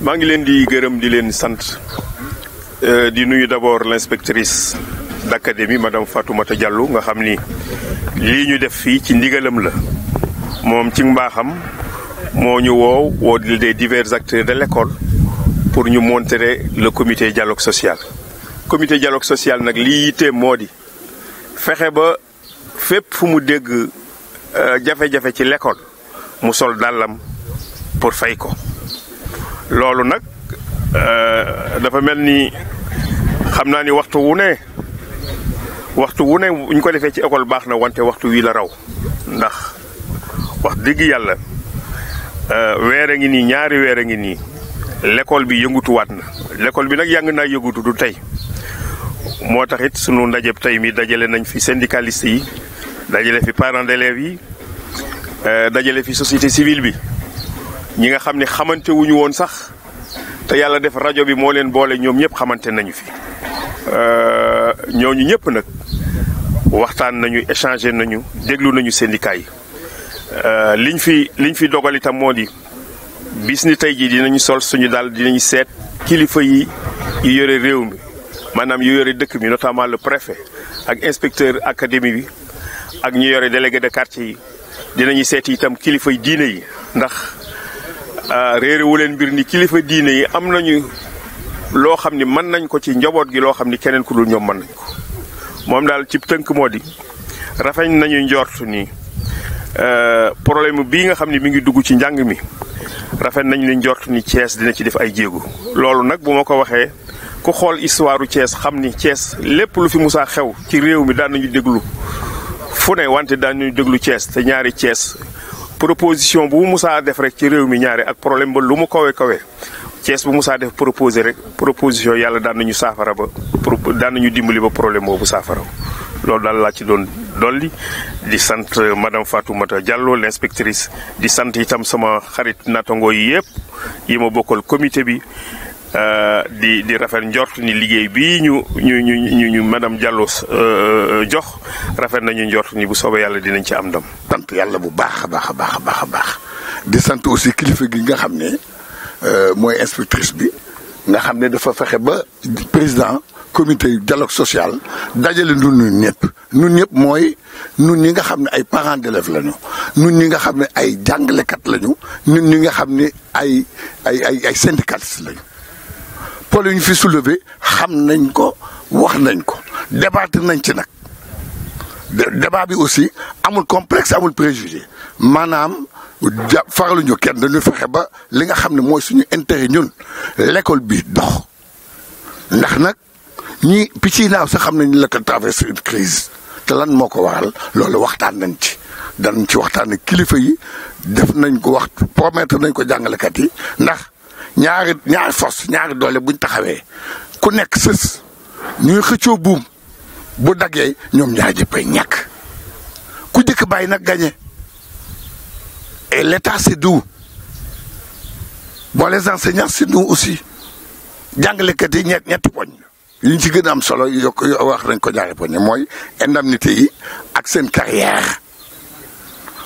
maa ngi leen di gërëm di leen sant euh, di nuyu d'abord l'inspectrice d'académie madame Fatoumata Diallo nga xam ni lii ñu def fii ci ndigalam la moom ci mbaaxam moo ñu woow woo des divers acteurs de l'école pour ñu montrer le comité dialogue social comité dialogue social nag lii yitte moo di fexe ba fépp fu mu dégg euh, jafe-jafe ci l'école mu sol dàllam pour fay ko nak nak, euh, dafa melni ni ni waxtu wu ne waxtu wu ne ñu ko defé ci école bax na wante waxtu wi la raw ndax wax dëgg yalla euh wéré ngi ni ñaari wéré ngi ni l'école bi wat na l'école bi nak yang na yëgutu du tay moo tax it sunu ndajeb tey mi dajale nañ fi syndicaliste yi dajale fi parents d'élèves yi euh, dajale fi société civile bi ñi nga xam ni xamante wuñu woon sax te yàlla def rajo bi moo leen boole ñoom ñëpp xamante nañu fi euh, ñooñu ñëpp nag waxtaan nañu échangé nañu déglu nañu syndicat yi euh, liñ fi liñ fi dogal itam moo di bis ni tey jii dinañu sol suñu daal dinañu seet kilifa yi yore réew mi maanaam yu yore dëkk mi notamment le préfet ak inspecteur académie bi ak ñu yore délégué de quartier yi dinañu seeti itam kilifa yi diine yi ndax Ah, réere wu leen mbir ni kilifa diine yi am nañu loo xam ni mën nañ ko ci njaboot gi loo xam ni keneen ku dul ñoom mën nañ ko moom daal cib tënk moo di rafet nañu njort ni eh, problème bii nga xam ni mi ngi dugg ci njàng mi rafet nañ li njort ni dina ci def ay jéego loolu nag bu ma ko waxee ku xool histoire u xam ni cees lépp lu fi musaa xew ci réew mi daan nañu déglu fu ne wante daan nañu déglu Thiès te ñaari cees proposition bu musaa def rek ci réew mi ñaare ak problème ba lu mu kawe kawe Thiès bu musaa def proposé rek proposition yàlla daan nañu saafara ba pro daan nañu dimbali ba problème boobu saafara loolu daal laa ci doon dolli di sant euh, madame Fatoumata Diallo l'inspectrice di sant itam sama xarit natango yi yëpp yi ma bokkal comité bi. Euh, di di rafet njort ni liggéey bi ñu ñu ñu ñu madame Diallo euh, euh, jox rafet nañu njort ni bu soobee yàlla dinañ ci am ndam. sant yàlla bu baax a baax a baax a baax a baax di sant aussi kilifa gi nga xam ne mooy inspectrice bi nga xam ne dafa fexe ba président comité dialogue social dajale nu ñun ñëpp ñun ñëpp mooy ñun ñi nga xam ne ay parents d'élèves lañu ñun ñi nga xam ne ay jàngalekat lañu ñun ñi nga xam ne ay ay ay ay syndicalistes lañu. problème ñu fi soulevé xam nañ ko wax nañ ko débattre nañ ci nag débat bi aussi amul complexe amul préjugé maanaam ja faraluñu kenn dañu fexe ba li nga xam ne suñu intérêt ñun l'école bi dox ndax nak ñi picc yi naaw sax xam nañ la ko une crise te lan moko ko waral loolu waxtaan nañ ci danañ ci waxtaan kilifa yi def nañ ko wax promettre nañ ko jangale kat yi ndax ñaari ñaari force ñaari doole buñ taxawee ku nekk sës ñuy xëccoo buum bu daggee ñoom ñaa ñàkk ku jëkk bàyyi gagné et l'état c'est doux les enseignants c'est nous aussi jàngalekat yi ñet ñetti poñ li ci gën am solo yokk wax nañ ko ñaari poñ mooy indemnité yi ak seen carrière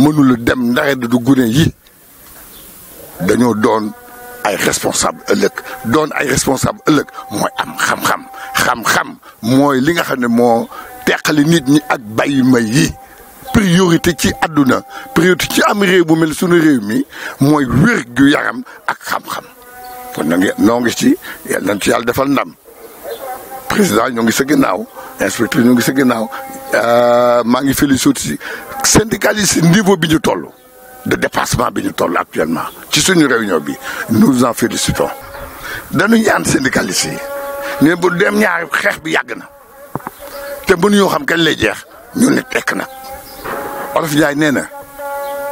mënul dem ndaxe du gune yi responsable doon responsable am xam-xam xam-xam ak priorité ci priorité ci am réew bu mel suñu réew mi mooy wér gu yaram ak xam-xam président inspecteur syndicaliste niveau de dépassement actuellement ci suñu réunion bi nous en félicitons dañu ñaan syndicalistes yi ne bu dem bi xam lay ñu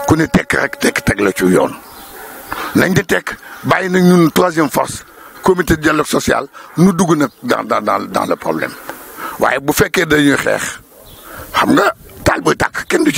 ku ne rek troisième force comité dialogue social nous dugg dans le problème bu dañuy xam nga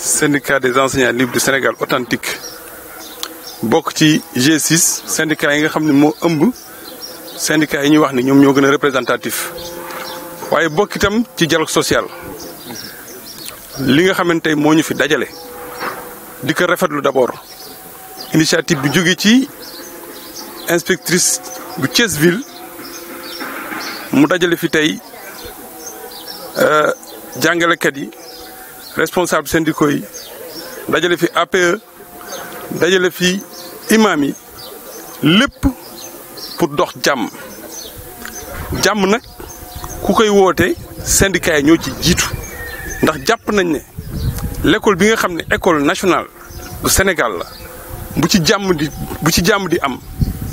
syndicat des enseignants libres du Sénégal authentique bokk ci G6 syndicat yi nga xam ne moo syndicat yi ñuy wax ni ñoom ñoo gën a représentatif waaye bokk ci dialogue social li nga xamante tey moo ñu fi dajale di ko rafetlu d'abord initiative bi jóge ci inspectrice bu Chesville. mu dajale fi tey euh, jàngalekat yi responsable syndicaux yi dajale fi APE dajale fi imam yi lépp pour dox jàmm jàmm nag ku koy woote syndicat yi ñoo ci jiitu ndax jàpp nañ ne lekkool bi nga xam ne école nationale du Sénégal la bu ci jàmm di bu ci jàmm di am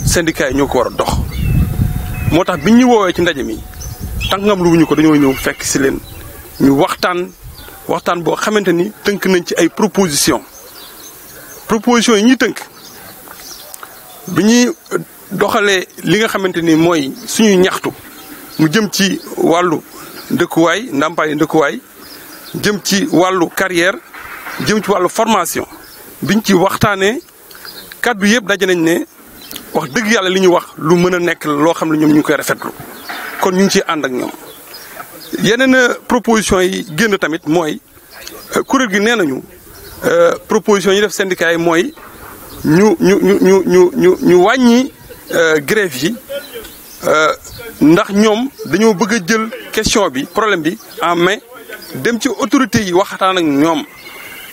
syndicat yi ñoo ko war a dox moo tax bi ñu woowee ci ndaje mi tàngam lu wuñu ko dañoo ñëw fekk si leen ñu waxtaan waxtaan boo xamante ni tënk nañ ci ay proposition proposition yi ñuy tënk bi ñuy euh, doxalee li nga xamante ni mooy suñuy ñaxtu mu jëm ci wàllu ndëkkuwaay ndàmpaayu ndëkkuwaay jëm ci wàllu carrière jëm ci wàllu formation biñ ci waxtaanee kaddu yëpp daje nañ ne wax dëgg yàlla li ñu wax lu mën a nekk loo xam ne ñoom ñu koy rafetlu kon ñu ngi ciy ànd ak ñoom. yeneen euh, proposition yi génn tamit mooy euh, kuréel gi nee nañu euh, proposition yi def syndicat yi mooy ñu ñu ñu ñu ñu ñu ñu wàññi grève yi ndax ñoom dañoo bëgg a jël question bi problème bi en mais dem ci autorité yi waxtaan ak ñoom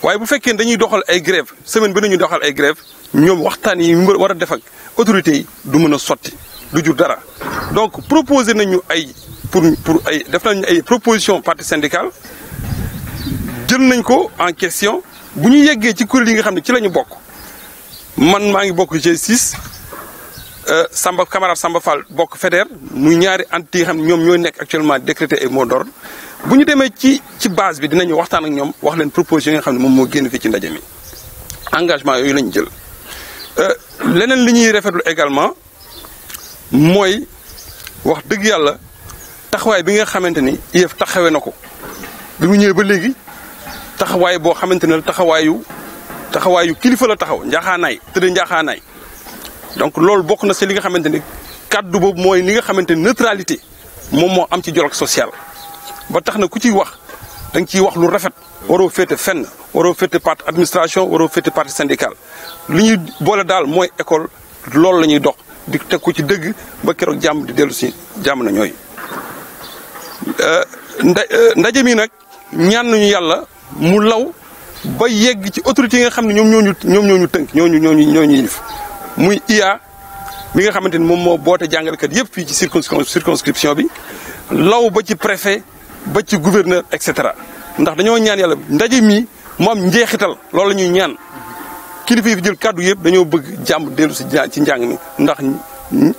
waaye bu fekkee dañuy doxal ay grève semaine bi nañu doxal ay grève ñoom waxtaan yi war a defak ak autorité yi du mën a sotti du jur dara donc proposé nañu ay pour pour ay def nañ ay proposition parti syndical jël nañ ko en question bu ñu yeggee ci kuréel yi nga xam ci lañu bok man maa ngi bokk G6 euh, Samba camarade Samba Fall bokk fédère muy ñaari anti yi xam ne ñoom nekk actuellement décrété et mot d'ordre bu ñu demee ci ci base bi dinañu waxtaan ak ñom wax leen proposition yi nga xam mom mo moo génn fii ci ndaje mi engagement yoyu lañu jël euh leneen li ñuy rafetlu également mooy wax dëgg yàlla taxawaay bi nga xamante ni IEF taxawee na ko bi mu ñëwee ba léegi taxawaay boo xamante ne taxawaayu taxawaayu kilifa la taxaw njaaxaanaay tëdd njaaxaanaay donc loolu bokk na si li nga xamante ni kàddu boobu mooy li nga xamante ni neutralité moom moo am ci dialogue social ba tax na ku ciy wax da nga ciy wax lu rafet waroo féete fenn waroo féete parti administration waroo féete parti syndical li ñuy boole daal mooy école loolu la ñuy dox di teg ko ci dëgg ba keroog jàmm di dellu si jàmm na Euh, ndaje mi nak ñaan ñu yalla mu law ba yegg ci autorité nga IA mi nga xamanteni mom mo ci circonscription bi law ba ci préfet ba gouverneur etc. ndax dañoo ñaan ndaje mi loolu la ñaan jël dañoo bëgg ci mi ndax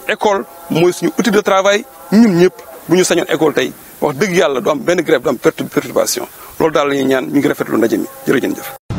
école outil de travail ñun bu ñu sañoon école tey wax dëgg yàlla du am benn grève du am perturbation loolu daal la ñuy ñaan ñu ngi rafetlu ndaje mi jërëjëf.